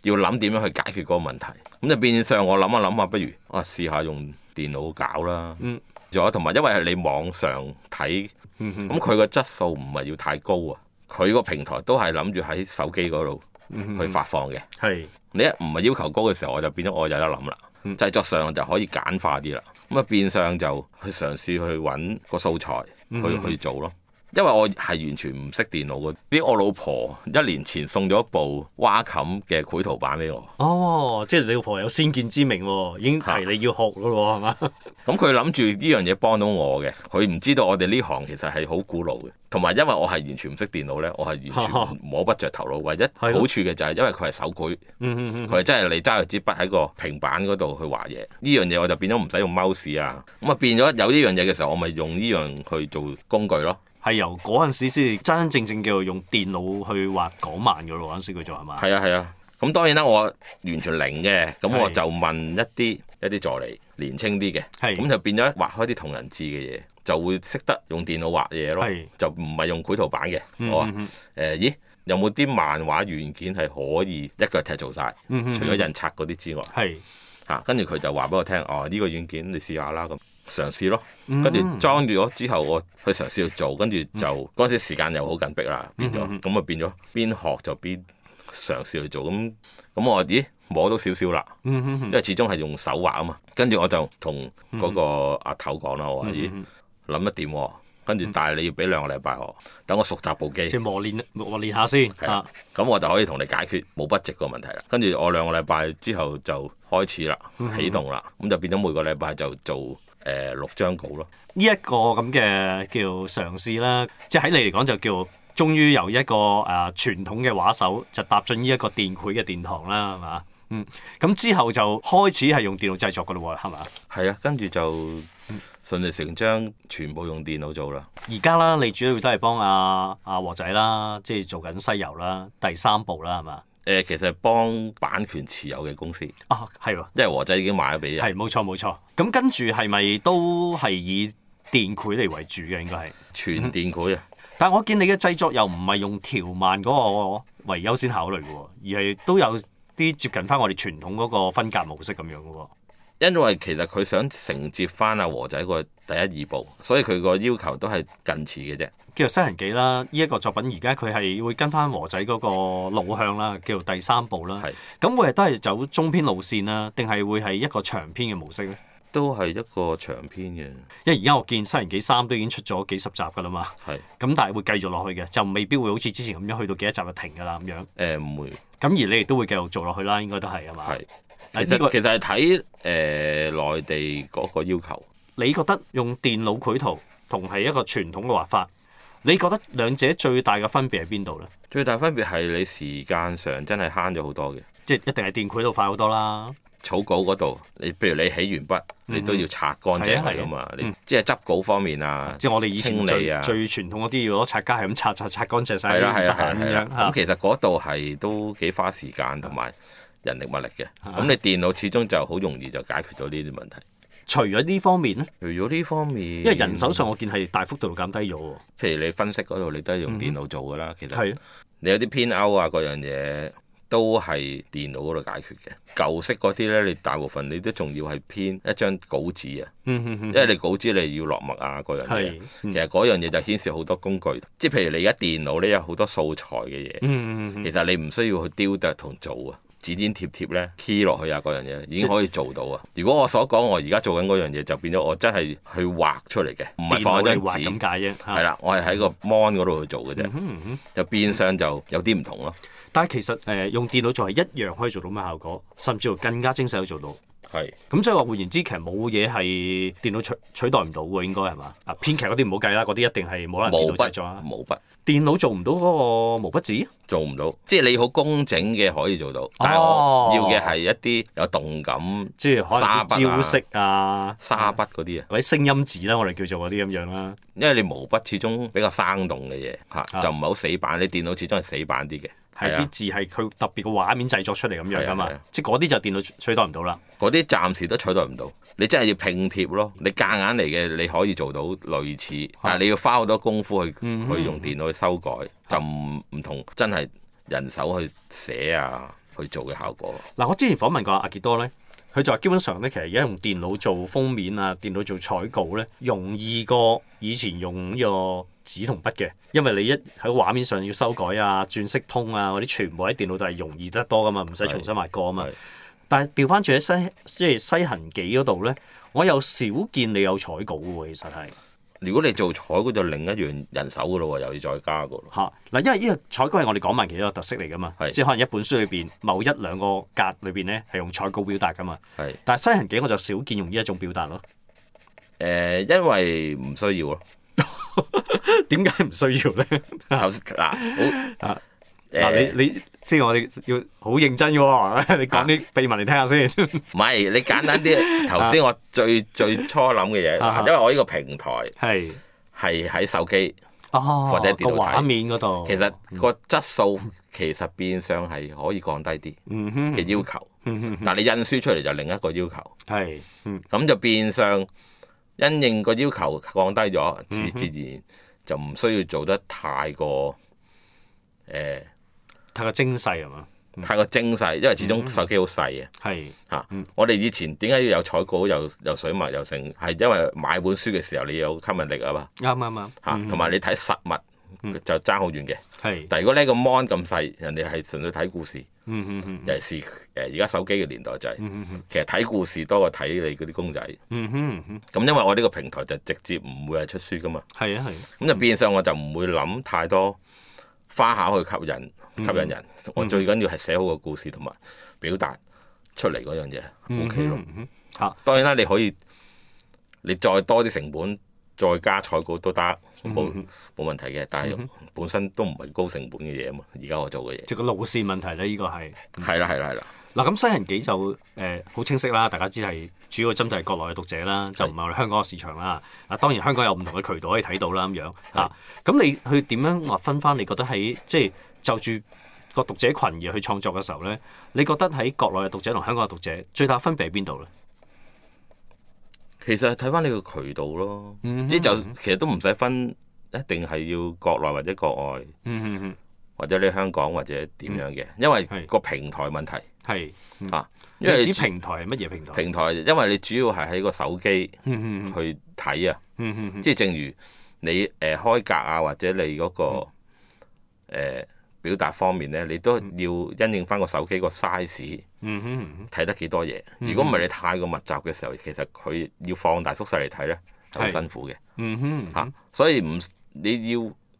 [SPEAKER 2] 要諗點樣去解決嗰個問題，咁就變相我諗一諗啊，不如我、啊、試下用電腦搞啦。仲、嗯、有同埋因為係你網上睇，咁佢個質素唔係要太高啊，佢個平台都係諗住喺手機嗰度去發放嘅。係、嗯嗯、你一唔係要求高嘅時候，我就變咗我有得諗啦。嗯、製作上就可以簡化啲啦。咁啊變相就去嘗試去揾個素材去去做咯。嗯嗯嗯嗯因為我係完全唔識電腦嘅，啲我老婆一年前送咗一部 Wacom 嘅繪圖板俾我。哦，即係你老婆有先見之明喎，已經提你要學嘅咯，係嘛的？咁佢諗住呢樣嘢幫到我嘅，佢唔知道我哋呢行其實係好古老嘅，同埋因為我係完全唔識電腦咧，我係完全摸不着頭腦。 唯一好處嘅就係因為佢係手繪，佢係真係你揸住支筆喺個平板嗰度去畫嘢。呢樣嘢我就變咗唔使用 mouse 啊，咁啊變咗有呢樣嘢嘅時候，我咪用呢樣去做工具咯。係由嗰陣時先真真正正叫做用電腦去畫港漫噶咯，嗰陣時佢做係嘛？係啊係啊，咁、啊、當然啦，我完全零嘅，咁我就問一啲是一啲助理年青啲嘅，咁是就變咗畫開啲同人誌嘅嘢，就會識得用電腦畫嘢咯，是就唔係用繪圖板嘅，好啊？誒，咦，有冇啲漫畫軟件係可以一腳踢做晒？嗯、哼除咗印刷嗰啲之外？嗯哼是嚇、啊，跟住佢就話俾我聽，哦呢、呢個軟件你試下啦，咁嘗試咯。嗯、跟住裝住咗之後，我去嘗試去做，跟住就嗰陣、嗯、時時間又好緊迫啦，變咗，咁啊變咗邊學就邊嘗試去做，咁咁我咦摸到少少啦，因為始終係用手畫啊嘛。跟住我就同嗰個阿頭講啦，我話咦諗一點、哦。跟住，但係你要俾兩個禮拜我，等我熟習部機，即磨練磨練下先。咁、啊啊、我就可以同你解決毛筆字個問題啦。跟住我兩個禮拜之後就開始啦，嗯、哼起動啦。咁就變咗每個禮拜就做誒、呃、六張稿咯。呢一個咁嘅
[SPEAKER 1] 叫嘗試啦，即喺你嚟講就叫終於由一個誒傳、啊、統嘅畫手就踏進呢一個電繪嘅殿堂啦，係嘛？嗯，咁、嗯、之、嗯、後就開始係用電腦製作噶咯喎，係嘛？係啊，跟住就。順理成章，全部用電腦做啦。而家啦，你主要都係幫阿阿和仔啦，即係做緊西遊啦，第三部啦，係嘛？誒、欸，其實幫版權持有嘅公司。哦、啊，係喎、啊，因為和仔已經賣咗俾人。係，冇錯冇錯。咁跟住係咪都係以電繪嚟為主嘅？應該係全電繪啊。嗯、但係我見你嘅製作又唔係用條漫嗰個為
[SPEAKER 2] 優先考慮嘅，而係都有啲接近翻我哋傳統嗰個分格模式咁樣嘅。因為其實佢想承接翻阿和仔個第一二部，所以佢個要求都係近似嘅啫。叫做《西行記》啦，呢一個作品而家佢係會跟翻和仔嗰個
[SPEAKER 1] 路向啦，叫做第三部啦。咁是會係都係走中篇路線啦，定係會係一個長篇嘅模式咧？都係一個長篇嘅，因為而家我見《西人記三》都已經出咗幾十集㗎啦嘛。係。咁但係會繼續落去嘅，就未必會好似之前咁樣去到幾多集就停㗎啦咁樣。誒唔會。咁而你亦都會繼續做落去啦，應該都係係嘛？係。
[SPEAKER 3] 其實、呢個、
[SPEAKER 1] 其實係睇誒內地嗰個要求。你覺得用電腦繪圖同係一個傳統嘅畫法，你覺得兩者最大嘅分別喺邊度咧？最大分別係你時
[SPEAKER 2] 間上真係慳咗好多嘅。即係一定係電繪圖快好多啦。草稿嗰度，你譬如你起完筆，你都要擦乾淨㗎嘛，即係執稿方面啊，即係我哋以前最最傳統嗰啲要攞擦膠係咁擦擦擦乾淨晒啲筆咁樣。咁其實嗰度係都幾花時間同埋人力物力嘅。咁你電腦始終就好容易就解決到呢啲問題。除咗呢方面咧，除咗呢方面，因為人手上我見係大幅度減低咗喎。譬如你分析嗰度，你都係用電腦做㗎啦，其實你有啲偏 out 啊，嗰樣嘢。都係電腦嗰度解決嘅，舊式嗰啲咧，你大部分你都仲要係編一張稿紙啊，嗯嗯嗯、因為你稿紙你要落墨啊嗰樣嘢，嗯、其實嗰樣嘢就牽涉好多工具，即係譬如你而家電腦咧有好多素材嘅嘢，嗯嗯嗯、其實你唔需要去雕琢同做啊。指粘貼貼咧，key 落去啊，嗰樣嘢已經可以做到啊！如果我所講我而家做緊嗰樣嘢，就變咗我真係去畫出嚟嘅，唔係放張紙咁解啫。係啦，我係喺個 mon 嗰度去做嘅啫，嗯嗯、就變相就有啲唔同咯、嗯嗯。
[SPEAKER 1] 但係其實誒、呃、用電腦做係一樣可以做到咩效果，甚至乎更加精細去做到。係，咁、嗯、所以話換言之，其實冇嘢係電腦取取代唔到嘅，應該係嘛？啊，編劇嗰啲唔好計啦，
[SPEAKER 2] 嗰啲一定係冇人電腦製作啊！毛筆，電腦做唔到嗰個毛筆字？做唔到，即係你好工整嘅可以做到，哦、但係我要嘅係一啲有動感，哦啊、即係可能啲招式啊、沙筆嗰啲是啊，或者聲音字啦，我哋叫做嗰啲咁樣啦、啊。因為你毛筆始終比較生動嘅嘢，嚇的就唔係好死板，你電腦始終係死板啲嘅。係啲字係佢特別個畫面製作出嚟咁樣噶嘛，即係嗰啲就電腦取代唔到啦。嗰啲暫時都取代唔到，你真係要拼貼咯。你夾硬嚟嘅你可以做到類似，的但係你要花好多功夫去、嗯、哼去用電腦去修改，的就唔唔同真係人手去寫啊去做嘅效果。嗱、啊，我之前訪問過阿、啊、杰多咧。佢就話基本上
[SPEAKER 1] 咧，其實而家用電腦做封面啊，電腦做彩稿咧，容易過以前用呢個紙同筆嘅，因為你一喺畫面上要修改啊、轉色通啊嗰啲，全部喺電腦度係容易得多㗎嘛，唔使重新畫過啊嘛。但係掉返轉喺西即係、就是、西行記嗰度咧，我又少見你有彩稿喎，其實係。如果你做彩稿就另一樣人手噶咯喎，又要再加個咯。嚇！嗱，因為呢個彩稿係我哋港漫其中一個特色嚟噶嘛，是即係可能一本書裏邊某一兩個格裏邊咧係用彩稿表達噶嘛。係是。但係《西行記》我就少見用呢一種表達咯。誒、呃，因為唔需要咯。點解唔需要咧？嗱、 啊，好啊。嗱、啊，你你即係，我哋要好認真嘅、哦、喎， 你講啲秘密嚟聽下先。唔係，你簡單啲。頭先 我
[SPEAKER 2] 最 最初諗嘅嘢， 因為我呢個平台係係喺手機
[SPEAKER 3] 或者電腦、哦、畫
[SPEAKER 2] 面嗰度。其實個質素其實變相係可以降低啲嘅要求。 但係你印輸出嚟就另一個要求。係。咁就變相因應個要求降低咗，自自然就唔需要做得太過誒。呃太過精細吖嘛？太過精細，因為始終手機好細啊。係嚇，我哋以前點解要有彩稿、有有水墨、有成係因為買本書嘅時候，你有吸引力吖嘛？啱啱啱嚇，同埋你睇實物就爭好遠嘅。係，但係如果呢個 mon 咁細，人哋係純粹睇故事。尤其是誒而家手機嘅年代就係，其實睇故事多過睇你嗰啲公仔。嗯，咁因為我呢個平台就直接唔會係出書㗎嘛。係啊係。咁就變相我就唔會諗太多花巧去吸引。吸引人，我最緊要係寫好個故事，同埋表達出嚟嗰樣嘢，O K 咯。吓，當然啦，你可以你再多啲成本，再加採購都得，冇、嗯、冇問題嘅。但係本身都唔係高成本嘅嘢啊嘛。而家我做嘅嘢，即個路線問題咧，呢、這個係係啦，係啦，係 啦。嗱咁《西人記》就誒好清晰啦，大家知係
[SPEAKER 1] 主要嘅針對係國內嘅讀者啦，就唔係香港嘅市場啦。啊，當然香港有唔同嘅渠道可以睇到啦，咁樣吓。咁的你去點樣話分翻？你覺得喺即係？就住個讀者群而去創作嘅時候呢，你覺得喺國內嘅讀者同香港嘅讀者最大分別喺邊度呢？
[SPEAKER 2] 其實睇返你個渠道咯，嗯、哼即係就其實都唔使分一定係要國內或者國外，嗯、哼或者你香港或者點樣嘅，嗯、因為個平台問題係嚇。你指平台係乜嘢平台？平台因為你主要係喺個手機去睇啊，即係正如你誒、呃呃、開格啊，或者你嗰、嗰個、呃呃表達方面咧，你都要因應翻個手機個 size，睇得幾多嘢。嗯、哼如果唔係你太過密集嘅時候，其實佢要放大縮細嚟睇咧，係好辛苦嘅。吓、嗯嗯啊，所以唔你要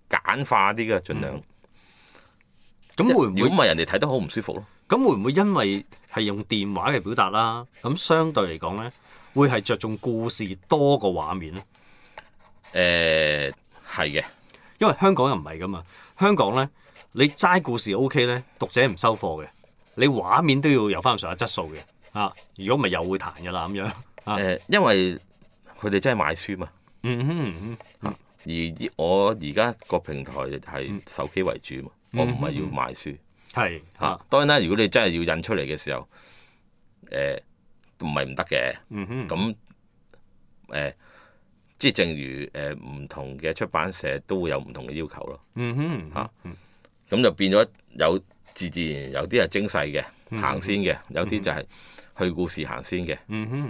[SPEAKER 2] 簡化啲嘅，盡量。咁、嗯、會唔會？咁咪人哋睇得好唔舒服咯？咁會唔會因為係用電話嘅表達啦？咁相對嚟
[SPEAKER 1] 講咧，會係着重故事多過畫面咧？誒、呃，係嘅，因為香港又唔係噶嘛，香港咧。你齋故事 O K 咧，讀者唔收貨嘅，你畫面都要有翻上質素嘅啊！如果唔係又會彈㗎啦咁
[SPEAKER 2] 樣。誒、啊呃，因為佢哋真係賣書嘛。嗯哼，嗯哼嗯、啊、而我而家個平台係手機為主嘛，嗯、哼我唔係要賣書。係嚇、嗯哼，啊、當然啦！如果你真係要印出嚟嘅時候，誒唔係唔得嘅。咁誒、呃，即係正如誒唔、呃、同嘅出版社都會有唔同嘅要求咯。啊、嗯，嗯咁就變咗有自自然有啲係精細嘅行、嗯、先嘅，有啲就係去故事行先嘅，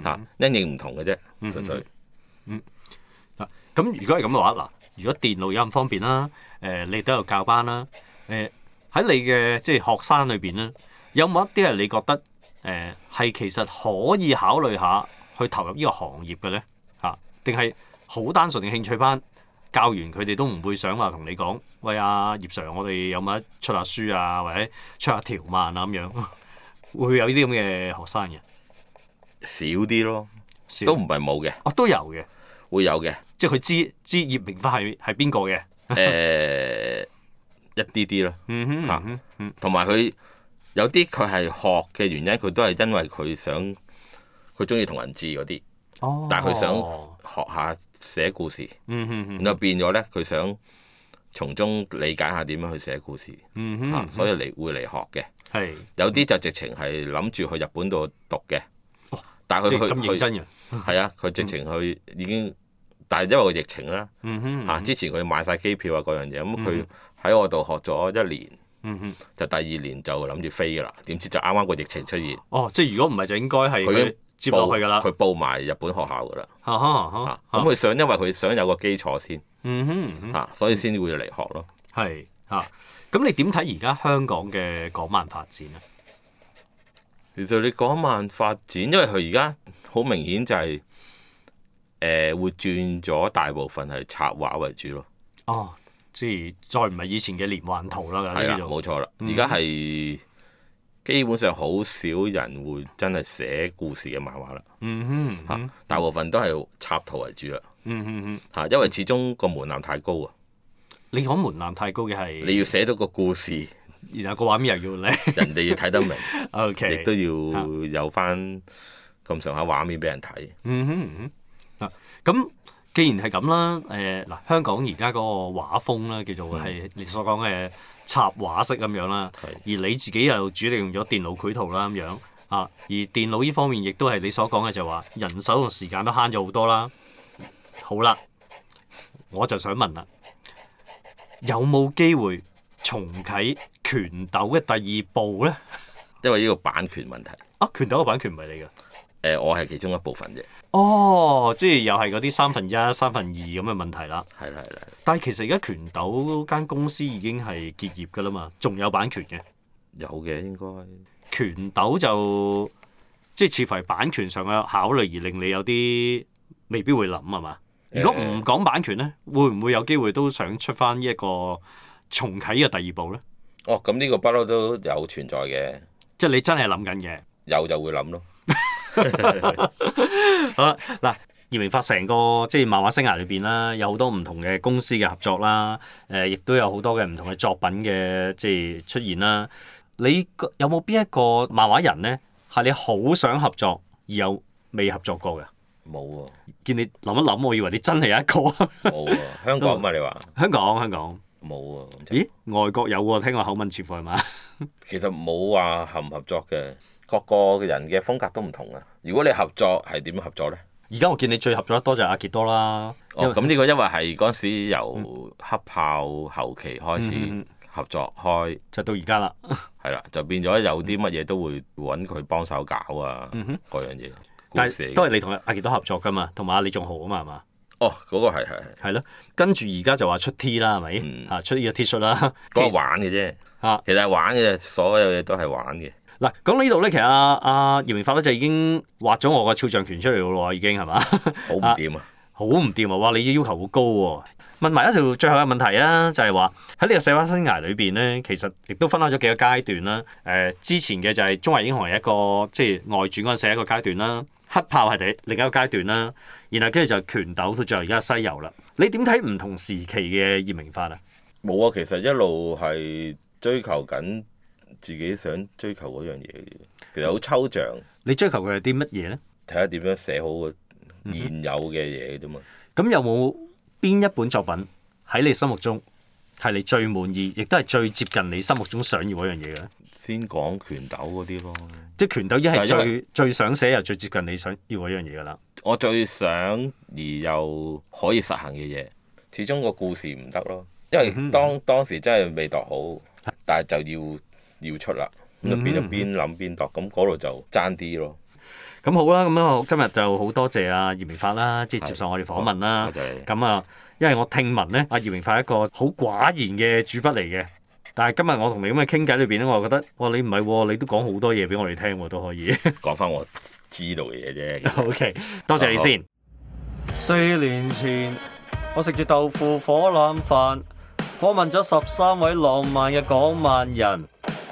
[SPEAKER 2] 嚇因應唔同嘅啫，嗯、純粹。嗯咁、嗯啊、如果係咁嘅話，嗱，
[SPEAKER 1] 如果電腦有咁方便啦，誒、呃，你都有教班啦，誒、呃，喺你嘅即係學生裏邊咧，有冇一啲係你覺得誒係、呃、其實可以考慮下去投入呢個行業嘅咧？嚇、啊，定係好單純嘅興趣班？教完佢哋都唔會想話同你講，喂阿、啊、葉 Sir，我哋有冇出下書啊，或者出下條漫啊咁樣，會,會有呢啲咁嘅學生嘅少啲
[SPEAKER 2] 咯，少都唔係冇嘅，哦都有嘅，會有嘅，即係佢知知葉明輝係係邊個嘅，誒、呃、一啲啲咯，嚇， 同埋佢有啲佢係學嘅原因，佢都係因為佢想佢中意同人誌嗰啲。但係佢想學下寫故事，咁就變咗咧，佢想從中理解下點樣去寫故事，所以嚟會嚟學嘅。係，有啲就直情係諗住去日本度讀嘅。哦，但係佢去，係啊，佢直情去已經，但係因為個疫情啦，吓之前佢買晒機票啊各樣嘢，咁佢喺我度學咗一年，就第二年就諗住飛㗎喇，點知就啱啱個疫情出現。哦，即係如果唔係就應該係.接落去噶啦，佢報埋日本學校噶啦。
[SPEAKER 1] 咁佢
[SPEAKER 2] 想，因為佢想有個基礎先，嗯，嗯哼，啊，所以先會嚟學咯。係啊，咁你點睇而家香港嘅港漫發展咧？其實你，你港漫發展，因為佢而家好明顯就係、是、誒、呃，會轉咗大部分係插畫為主咯。哦，即係再唔係以前嘅連環圖啦，係啦，冇錯啦，而家係。基本上好少人會真係寫故事嘅漫畫啦、嗯，嗯哼，吓大部分都係插圖為主啦、嗯，嗯嗯吓因為始終個門檻太高啊。你講門檻太高嘅係？你要寫到個故事，然後個畫面又要靚，人哋要睇得明 ，OK，亦都要有翻咁上下畫面俾人睇、嗯，嗯哼，吓、嗯、咁。既然係咁啦，誒、呃、嗱，香港而
[SPEAKER 1] 家嗰個畫風咧，叫做係你所講嘅插畫式咁樣啦，嗯、而你自己又主力用咗電腦繪圖啦咁樣啊，而電腦依方面亦都係你所講嘅就話人手同時間都慳咗好多啦。好啦，我就想問啦，有冇機會重啟拳鬥嘅第二部咧？因為呢個版權問題啊，拳鬥嘅版權唔係你㗎。誒，我係其中一部分啫。哦，即係又係嗰啲三分一、三分二咁嘅問題啦。係啦， 係啦。但係其實而家拳鬥間公司已經係結業噶啦嘛，仲有版權嘅？有嘅，應該拳鬥就即係似乎係版權上嘅考慮而令你有啲未必會諗係嘛？呃、如果唔講版權咧，會唔會有機會都想出翻呢一個重啟嘅第二部咧？
[SPEAKER 2] 哦，咁呢個不嬲都有存在嘅。
[SPEAKER 1] 即係你真係諗緊嘅，有就會諗咯。 好啦，嗱，葉明發成個即係漫畫生涯裏邊啦，有好多唔同嘅公司嘅合作啦，誒、呃，亦都有好多嘅唔同嘅作品嘅即係出現啦。你有冇邊一個漫畫人咧，係你好想合作而又未合作過嘅？
[SPEAKER 2] 冇喎、
[SPEAKER 1] 啊，見你諗一諗，我以為你真係有一個啊。冇 啊，香港嘛、啊？你
[SPEAKER 2] 話香港？香港冇啊？就是、咦，外國有喎、啊？聽我口吻似乎係嘛？ 其實冇話合唔合作嘅。各個人嘅風格都唔同啊！如果你合作係點樣合作咧？而家我見你最合作得多就係阿杰多啦。哦，咁呢個因為係嗰陣時由黑豹後期開始合作開，就到而家啦。係啦，就變咗有啲乜嘢都會揾佢幫手搞啊。嗯，嗰樣嘢。但係都係你同阿杰多合作噶嘛，同埋阿李仲豪啊嘛，係嘛？哦，嗰個係係係。係咯，跟住而家
[SPEAKER 1] 就話出 T 啦，係咪？啊，出呢個 T 恤啦，嗰個玩嘅啫。其實係玩嘅，所
[SPEAKER 2] 有嘢都係玩嘅。
[SPEAKER 1] 嗱，講到呢度咧，其實阿阿葉明發咧就已經畫咗我個肖像權出嚟噶啦，已經係嘛？好唔掂啊！好唔掂啊！哇，你要求好高喎、啊！問埋一條最後嘅問題啊，就係話喺呢個《射鵰》生涯裏邊咧，其實亦都分開咗幾個階段啦、啊。誒、呃，之前嘅就係《中華英雄》係一個即係、就是、外傳嗰陣時一個階段啦、啊，黑豹係第另一個階段啦、啊，然後跟住就拳鬥到最後而家西遊啦。你點睇唔同時期
[SPEAKER 2] 嘅葉明發啊？冇啊，其實一路係追求緊。自己想追求嗰樣嘢，其實好抽象。你追求佢係啲乜嘢咧？睇下點樣寫好個現有嘅嘢啫嘛。咁、嗯、有冇邊一本作品
[SPEAKER 1] 喺你心目中係你最滿意，亦都係最接近你心目中想要嗰樣嘢嘅咧？
[SPEAKER 2] 先講拳鬥嗰啲咯，
[SPEAKER 1] 即係拳鬥一係最
[SPEAKER 2] 最想寫又最接近你想要嗰樣嘢噶啦。我最想而又可以實行嘅嘢，始終個故事唔得咯，因為當、嗯、哼當時真係未讀好，但係就要。要出啦，咁就邊、嗯、就邊諗邊度，咁嗰度就爭啲咯。咁好啦，咁啊今日
[SPEAKER 1] 就好多謝阿葉明發啦，即係接受我哋訪問啦。咁、okay. 啊，因為我聽聞咧，阿葉明發一個好寡言嘅主筆嚟嘅，但係今日我同你咁嘅傾偈裏邊咧，我就覺得，哇！你唔係喎，你都講好多嘢俾我哋聽喎、啊，都可以講翻 我知道嘅嘢啫。O、okay, K，多謝你先好。四年前我食住豆腐火腩飯，訪問咗十三位浪漫嘅港漫人。嗯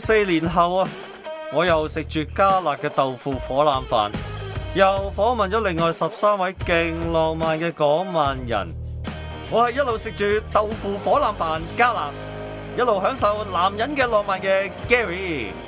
[SPEAKER 1] 四年後啊，我又食住加辣嘅豆腐火腩飯，又訪問咗另外十三位勁浪漫嘅港漫人，我係一路食住豆腐火腩飯加辣，一路享受男人嘅浪漫嘅 Gary。